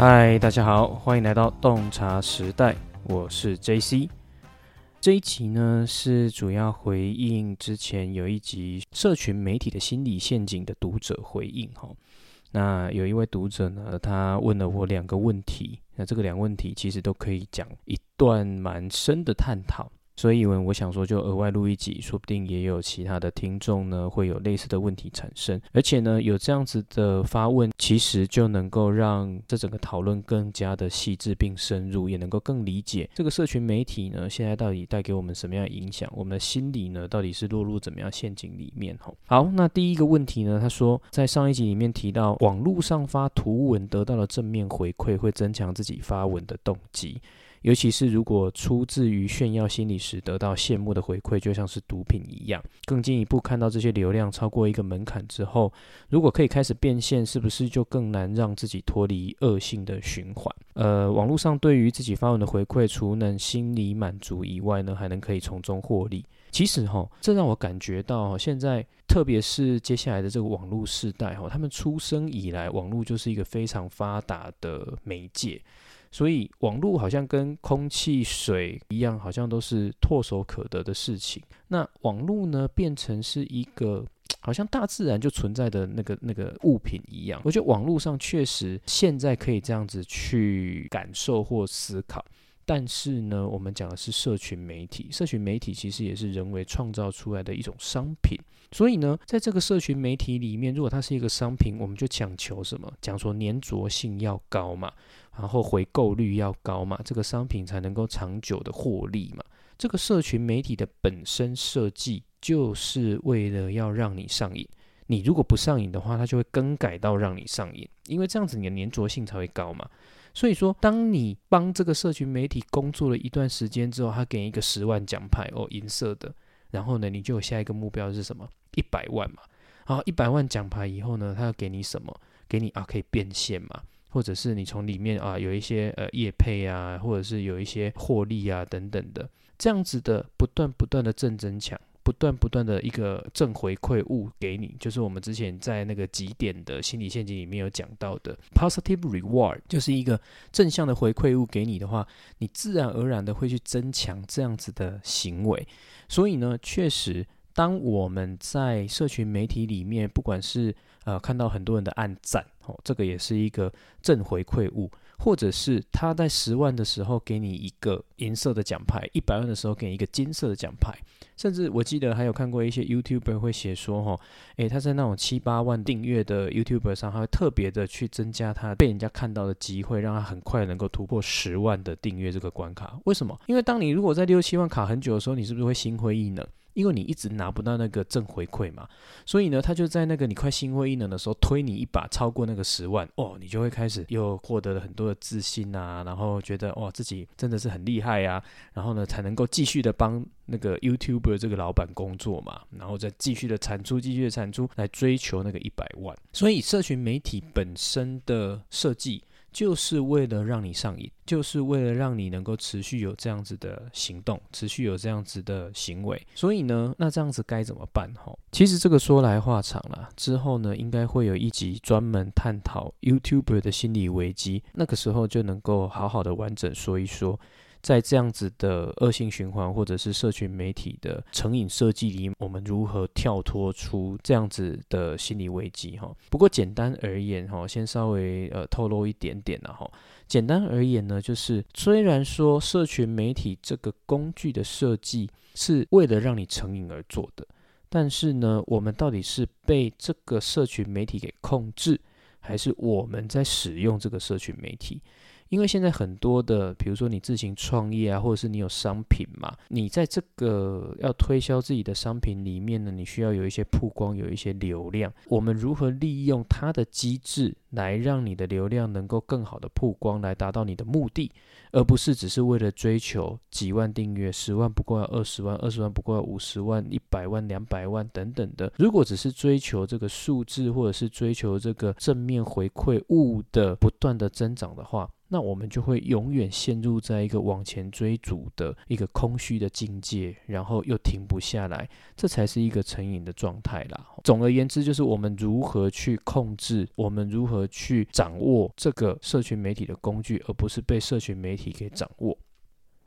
嗨，Hi, 大家好，歡迎來到洞察時代，我是 JC。這一期呢是主要回應之前有一集《社群媒體的心理陷阱》的讀者回應哈。那有一位讀者呢，他問了我兩個問題，那這個兩個問題其實都可以講一段蠻深的探討。所以呢，我想說，就額外錄一集，說不定也有其他的聽眾呢，會有類似的問題產生。而且呢，有這樣子的發問，其實就能夠讓這整個討論更加的細緻並深入，也能夠更理解這個社群媒體呢，現在到底帶給我們什麼樣的影響，我們的心理呢，到底是落入怎麼樣陷阱裡面？好，那第一個問題呢，他說，在上一集裡面提到，網絡上發圖文得到了正面回饋，會增強自己發文的動機。尤其是如果出自於炫耀心理時，得到羨慕的回饋，就像是毒品一樣。更進一步看到這些流量超過一個門檻之後，如果可以開始變現，是不是就更難讓自己脫離惡性的循環？呃，網絡上對於自己發文的回饋，除能心理滿足以外呢，還能可以從中獲利。其實哈，這讓我感覺到現在，特別是接下來的這個網絡時代哈，他們出生以來，網絡就是一個非常發達的媒介。所以網絡好像跟空氣、水一樣，好像都是唾手可得的事情。那網絡呢，變成是一個好像大自然就存在的那個那個物品一樣。我覺得網絡上確實現在可以這樣子去感受或思考。但是呢，我們講的是社群媒體，社群媒體其實也是人為創造出來的一種商品。所以呢，在這個社群媒體裡面，如果它是一個商品，我們就講求什麼？講說粘着性要高嘛，然後回購率要高嘛，這個商品才能夠長久的獲利嘛。這個社群媒體的本身設計就是為了要讓你上癮，你如果不上癮的話，它就會更改到讓你上癮，因為這樣子你的粘着性才會高嘛。所以說，當你幫這個社群媒體工作了一段時間之後，他給你一個十萬獎牌哦，銀色的。然後呢，你就有下一個目標是什麼？一百萬嘛。然後一百萬獎牌以後呢，他要給你什麼？給你啊，可以變現嘛，或者是你從裡面啊有一些呃業配啊，或者是有一些獲利啊等等的，這樣子的不斷不斷的正增強。不斷不斷的一個正回饋物給你，就是我們之前在那個幾點的心理陷阱裡面有講到的 positive reward，就是一個正向的回饋物給你的話，你自然而然的會去增強這樣子的行為。所以呢，確實，當我們在社群媒體裡面，不管是呃看到很多人的按讚哦，這個也是一個正回饋物，或者是他在十萬的時候給你一個銀色的獎牌，一百萬的時候給你一個金色的獎牌。甚至我記得還有看過一些 YouTuber 會寫說哈，誒、欸，他在那種七八萬訂閱的 YouTuber 上，他會特別的去增加他被人家看到的機會，讓他很快能夠突破十萬的訂閱這個關卡。為什麼？因為當你如果在六七萬卡很久的時候，你是不是會心灰意冷？因為你一直拿不到那個正回饋嘛，所以呢，他就在那個你快心灰意冷的時候推你一把，超過那個十萬哦，你就會開始又獲得了很多的自信啊，然後覺得哇自己真的是很厲害呀，啊，然後呢才能夠繼續的幫那個 YouTube 這個老板工作嘛，然後再繼續的產出，繼續的產出，來追求那個一百萬。所以社群媒體本身的設計。就是為了讓你上癮，就是為了讓你能夠持續有這樣子的行動，持續有這樣子的行為。所以呢，那這樣子該怎麼辦？吼，其實這個說來話長了。之後呢，應該會有一集專門探討 YouTuber 的心理危機，那個時候就能夠好好的完整說一說。在這樣子的惡性循環，或者是社群媒體的成癮設計裡，我們如何跳脫出這樣子的心理危機？哈，不過簡單而言，哈，先稍微呃透露一點點了哈、哦。簡單而言呢，就是雖然說社群媒體這個工具的設計是為了讓你成癮而做的，但是呢，我們到底是被這個社群媒體給控制，還是我們在使用這個社群媒體？因為現在很多的，比如說你自行創業啊，或者是你有商品嘛，你在這個要推銷自己的商品裡面呢，你需要有一些曝光，有一些流量。我們如何利用它的機制來讓你的流量能夠更好的曝光，來達到你的目的，而不是只是為了追求幾萬訂閱，十萬不夠要二十萬、二十萬不夠要五十萬、一百萬、兩百萬等等的。如果只是追求這個數字，或者是追求這個正面回饋物的不斷的增長的話，那我們就會永遠陷入在一個往前追逐的一個空虛的境界，然後又停不下來，這才是一個成癮的狀態啦。總而言之，就是我們如何去控制，我們如何去掌握這個社群媒體的工具，而不是被社群媒體給掌握。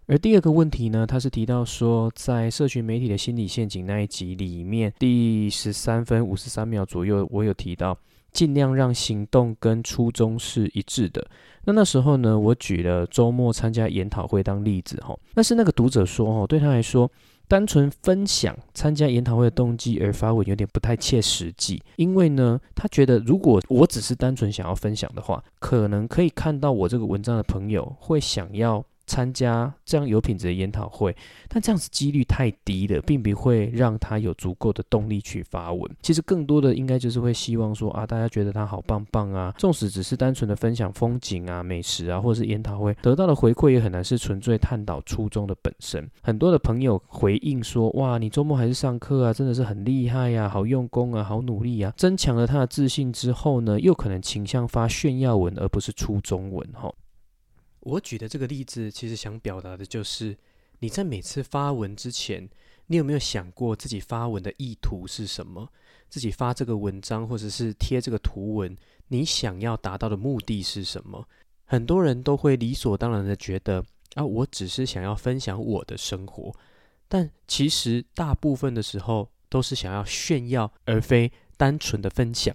而第二個問題呢，它是提到說，在社群媒體的心理陷阱那一集裡面，第十三分五十三秒左右，我有提到。盡量讓行動跟初衷是一致的。那那時候呢，我舉了周末參加研討會當例子齁。但是那個讀者說齁，對他來說，單純分享參加研討會的動機而發文有點不太切實際，因為呢，他覺得如果我只是單純想要分享的話，可能可以看到我這個文章的朋友會想要。參加這樣有品質的研討會，但這樣子幾率太低了，並不會讓他有足夠的動力去發文。其實更多的應該就是會希望說啊，大家覺得他好棒棒啊。縱使只是單純的分享風景啊、美食啊，或者是研討會得到的回饋，也很難是純粹探討初衷的本身。很多的朋友回應說：哇，你周末還是上課啊，真的是很厲害呀、啊，好用功啊，好努力啊，增強了他的自信之後呢，又可能傾向發炫耀文，而不是初衷文哈、哦。我舉的這個例子，其實想表達的就是，你在每次發文之前，你有沒有想過自己發文的意圖是什麼？自己發這個文章或者是貼這個圖文，你想要達到的目的是什麼？很多人都會理所當然的覺得，啊，我只是想要分享我的生活，但其實大部分的時候都是想要炫耀，而非單純的分享。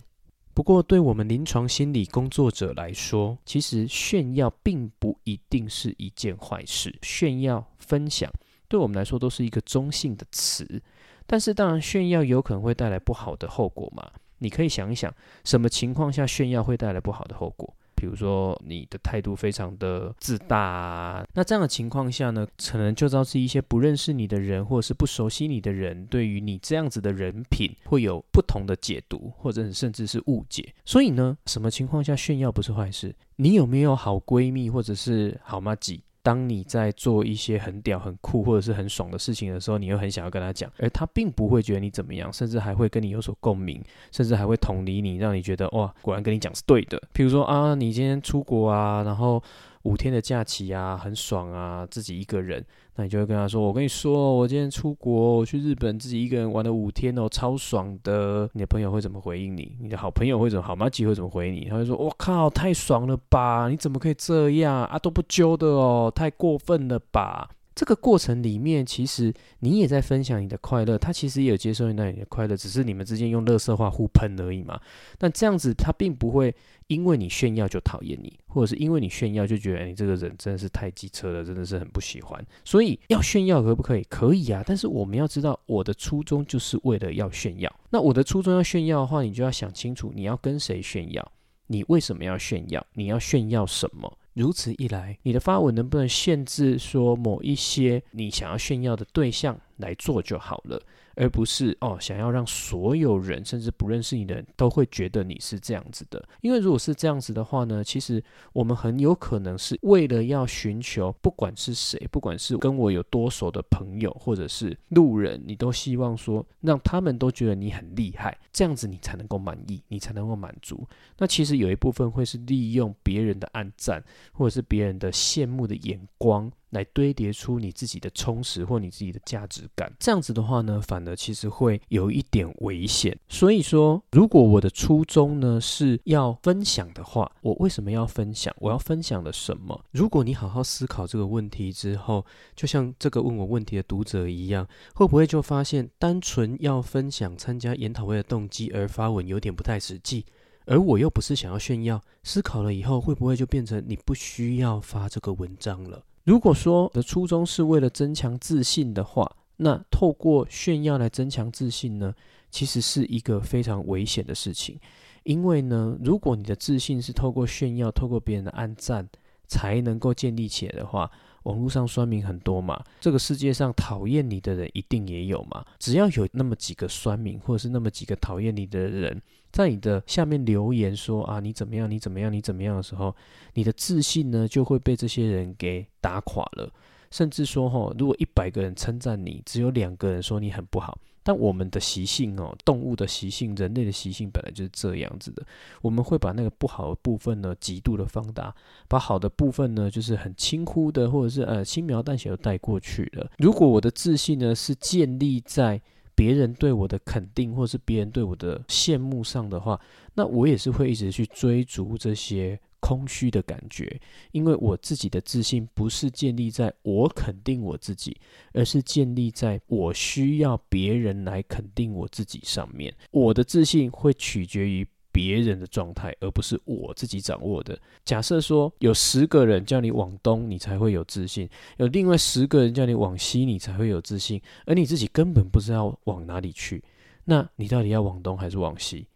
不過，對我們臨床心理工作者來說，其實炫耀並不一定是一件壞事。炫耀、分享，對我們來說都是一個中性的詞。但是，當然，炫耀有可能會帶來不好的後果嘛。你可以想一想，什麼情況下炫耀會帶來不好的後果？比如說你的態度非常的自大啊，那這樣的情況下呢，可能就導致一些不認識你的人或者是不熟悉你的人，對於你這樣子的人品會有不同的解讀，或者甚至是誤解。所以呢，什麼情況下炫耀不是壞事？你有沒有好閨蜜或者是好麻吉？當你在做一些很屌、很酷，或者是很爽的事情的時候，你又很想要跟他講，而他並不會覺得你怎麼樣，甚至還會跟你有所共鳴，甚至還會同理你，讓你覺得哇，果然跟你講是對的。譬如說啊，你今天出國啊，然後。五天的假期啊，很爽啊，自己一個人，那你就會跟他說：“我跟你說，我今天出國，我去日本，自己一個人玩了五天哦，超爽的。”你的朋友會怎麼回應你？你的好朋友會怎麼好嗎？好麻吉會怎麼回應你？他會說：“我靠，太爽了吧？你怎麼可以這樣啊？都不揪的哦，太過分了吧？”這個過程裡面，其實你也在分享你的快樂，他其實也有接受到你那裡的快樂，只是你們之間用垃圾話互噴而已嘛。但這樣子，他並不會因為你炫耀就討厭你，或者是因為你炫耀就覺得你、哎、這個人真的是太機車了，真的是很不喜歡。所以要炫耀可不可以？可以啊。但是我們要知道，我的初衷就是為了要炫耀。那我的初衷要炫耀的話，你就要想清楚，你要跟誰炫耀，你為什麼要炫耀，你要炫耀什麼。如此一來，你的發文能不能限制說某一些你想要炫耀的對象？來做就好了，而不是哦，想要讓所有人，甚至不認識你的人，人都會覺得你是這樣子的。因為如果是這樣子的話呢，其實我們很有可能是為了要尋求，不管是誰，不管是跟我有多熟的朋友，或者是路人，你都希望說讓他們都覺得你很厲害，這樣子你才能夠滿意，你才能夠滿足。那其實有一部分會是利用別人的按讚，或者是別人的羨慕的眼光。來堆疊出你自己的充實或你自己的價值感，這樣子的話呢，反而其實會有一點危險。所以說，如果我的初衷呢，是要分享的話，我為什麼要分享？我要分享了什麼？如果你好好思考這個問題之後，就像這個問我問題的讀者一樣，會不會就發現，單純要分享參加研討會的動機而發文有點不太實際？而我又不是想要炫耀，思考了以後，會不會就變成你不需要發這個文章了？如果說的初衷是為了增強自信的話，那透過炫耀來增強自信呢，其實是一個非常危險的事情。因為呢，如果你的自信是透過炫耀、透過別人的按讚，才能夠建立起來的話，網絡上酸民很多嘛，這個世界上討厭你的人一定也有嘛。只要有那麼幾個酸民，或者是那麼幾個討厭你的人。在你的下面留言說啊，你怎麼樣？你怎麼樣？你怎麼樣的時候，你的自信呢就會被這些人給打垮了。甚至說哈、哦，如果一百個人稱讚你，只有兩個人說你很不好。但我們的習性哦，動物的習性，人類的習性本來就是這樣子的。我們會把那個不好的部分呢極度的放大，把好的部分呢就是很輕忽的，或者是呃輕描淡寫的帶過去了。如果我的自信呢是建立在。別人對我的肯定，或是別人對我的羨慕上的話，那我也是會一直去追逐這些空虛的感覺，因為我自己的自信不是建立在我肯定我自己，而是建立在我需要別人來肯定我自己上面，我的自信會取決於。別人的狀態，而不是我自己掌握的。假設說有十個人叫你往東，你才會有自信；有另外十個人叫你往西，你才會有自信。而你自己根本不知道往哪裡去，那你到底要往東還是往西？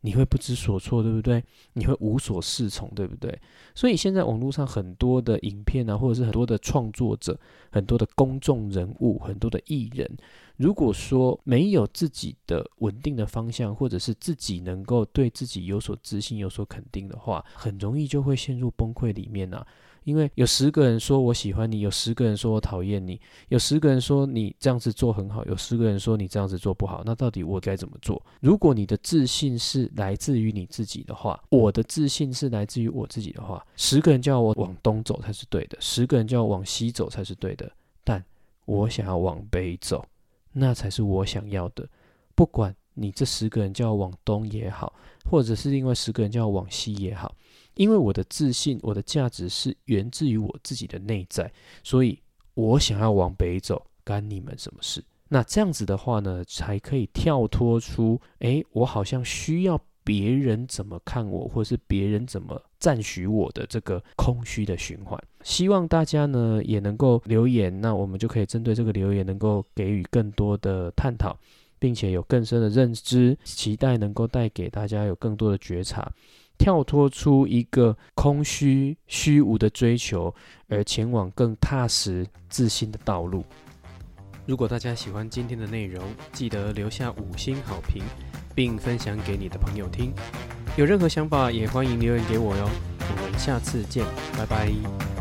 你會不知所措，對不對？你會無所適從，對不對？所以現在網絡上很多的影片啊，或者是很多的創作者、很多的公眾人物、很多的藝人。如果說沒有自己的穩定的方向，或者是自己能夠對自己有所自信、有所肯定的話，很容易就會陷入崩潰裡面啊。因為有十個人說我喜歡你，有十個人說我討厭你，有十個人說你這樣子做很好，有十個人說你這樣子做不好。那到底我該怎麼做？如果你的自信是來自於你自己的話，我的自信是來自於我自己的話，十個人叫我往東走才是對的，十個人叫我往西走才是對的，但我想要往北走。那才是我想要的，不管你這十個人叫往東也好，或者是另外十個人叫往西也好，因為我的自信、我的價值是源自於我自己的內在，所以我想要往北走，干你們什麼事？那這樣子的話呢，才可以跳脫出，誒，我好像需要。別人怎麼看我，或是別人怎麼讚許我的這個空虛的循環，希望大家呢也能夠留言，那我們就可以針對這個留言能夠給予更多的探討，並且有更深的認知，期待能夠帶給大家有更多的覺察，跳脫出一個空虛虛無的追求，而前往更踏實自信的道路。如果大家喜歡今天的內容，記得留下五星好評。並分享給你的朋友聽。有任何想法也歡迎留言給我喲。我們下次見，拜拜。